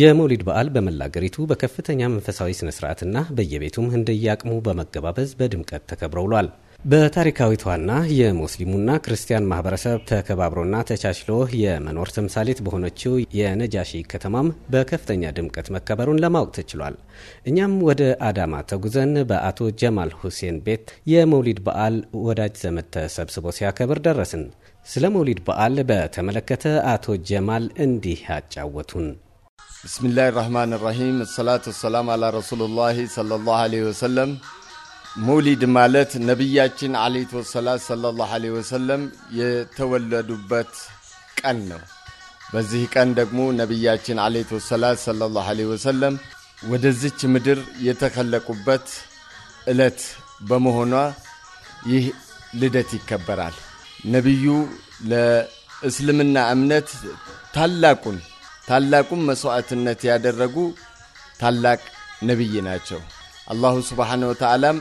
የመውሊድ በዓል በመላ አገሪቱ በከፍተኛ መንፈሳዊ ስነ ስርዓትና በየቤቱም እንደየአቅሙ በመገባበዝ በድምቀት ተከብሮ ውሏል። በታሪካዊቷና የሙስሊሙና ክርስቲያን ማህበረሰብ ተከባብሮና ተቻችሎ የመኖር ተምሳሌት በሆነችው የነጃሺ ከተማም በከፍተኛ ድምቀት መከበሩን ለማወቅ ተችሏል። እኛም ወደ አዳማ ተጉዘን በአቶ ጀማል ሁሴን ቤት የመውሊድ በዓል ወዳጅ ዘመድ ተሰብስቦ ሲያከብር ደረስን። ስለ መውሊድ በዓል በተመለከተ አቶ ጀማል እንዲህ አጫወቱን። بسم الله الرحمن الرحيم الصلاة والسلام على رسول الله صلى الله عليه وسلم مولد مالت نبياتين عليه الصلاة صلى الله عليه وسلم يتولد بات كأنه بزيه كان دقمو نبياتين عليه الصلاة صلى الله عليه وسلم ودزيك مدر يتخلق بات إلت بمهنا يه لدتي كبرال نبيو لإسلمنا أمنت تلاكن ታላቁም መሥዋዕትነት ያደረጉ ታላቅ ነቢይ ናቸው። አላሁ ስብሓን ወተዓላም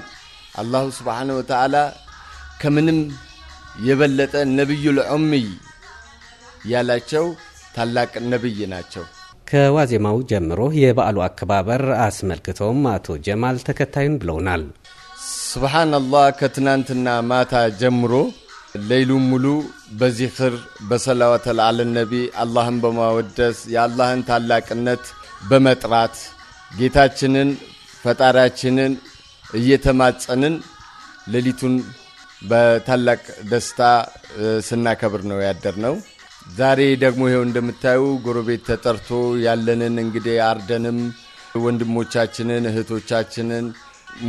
አላሁ ስብሓን ወተዓላ ከምንም የበለጠ ነቢዩል ዑሚይ ያላቸው ታላቅ ነቢይ ናቸው። ከዋዜማው ጀምሮ የበዓሉ አከባበር አስመልክቶም አቶ ጀማል ተከታዩን ብለውናል። ስብሓን አላህ ከትናንትና ማታ ጀምሮ ሌይሉም ሙሉ በዚክር በሰላዋተ አለ ነቢ አላህን በማወደስ የአላህን ታላቅነት በመጥራት ጌታችንን ፈጣሪያችንን እየተማጸንን ሌሊቱን በታላቅ ደስታ ስናከብር ነው ያደር ነው። ዛሬ ደግሞ ይኸው እንደምታዩ ጎረቤት ተጠርቶ ያለንን እንግዲህ አርደንም ወንድሞቻችንን እህቶቻችንን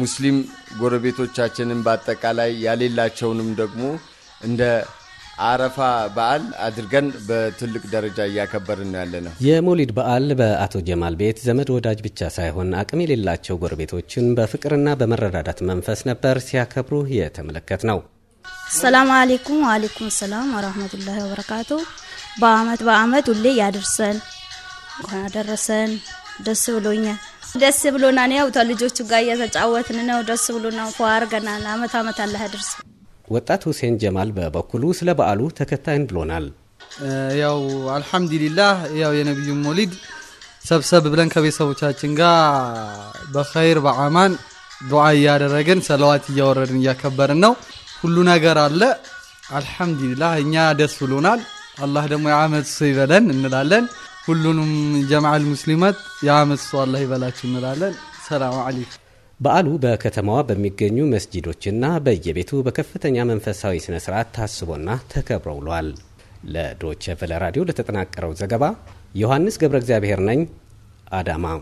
ሙስሊም ጎረቤቶቻችንን በአጠቃላይ ያሌላቸውንም ደግሞ እንደ አረፋ በዓል አድርገን በትልቅ ደረጃ እያከበርን ነው ያለ ነው። የሞሊድ በዓል በአቶ ጀማል ቤት ዘመድ ወዳጅ ብቻ ሳይሆን አቅም የሌላቸው ጎረቤቶችን በፍቅርና በመረዳዳት መንፈስ ነበር ሲያከብሩ የተመለከት ነው። ሰላም አሌይኩም አሌይኩም ሰላም ወረህመቱላሂ ወበረካቱ። በአመት በአመት ሁሌ ያደርሰን እንኳን አደረሰን። ደስ ብሎኛል። ደስ ብሎናል። ያው ተልጆቹ ጋር እየተጫወትን ነው። ደስ ብሎና ፏ አርገናል። አመት አመት አላህ ያደርሰን። ወጣት ሁሴን ጀማል በበኩሉ ስለ በዓሉ ተከታይን ብሎናል። ያው አልሐምዱሊላህ ያው የነቢዩ ሞሊድ ሰብሰብ ብለን ከቤተሰቦቻችን ጋር በኸይር በአማን ዱዓ እያደረግን ሰለዋት እያወረድን እያከበርን ነው። ሁሉ ነገር አለ። አልሐምዱሊላህ እኛ ደስ ብሎናል። አላህ ደግሞ የአመት ሱ ይበለን እንላለን። ሁሉንም ጀማዓ ልሙስሊማት የአመት ሱ አላህ ይበላችሁ እንላለን። ሰላም አለይኩም በዓሉ በከተማዋ በሚገኙ መስጂዶችና በየቤቱ በከፍተኛ መንፈሳዊ ስነ ስርዓት ታስቦና ተከብሮ ውሏል። ለዶቸ ቨለ ራዲዮ ለተጠናቀረው ዘገባ ዮሐንስ ገብረ እግዚአብሔር ነኝ አዳማ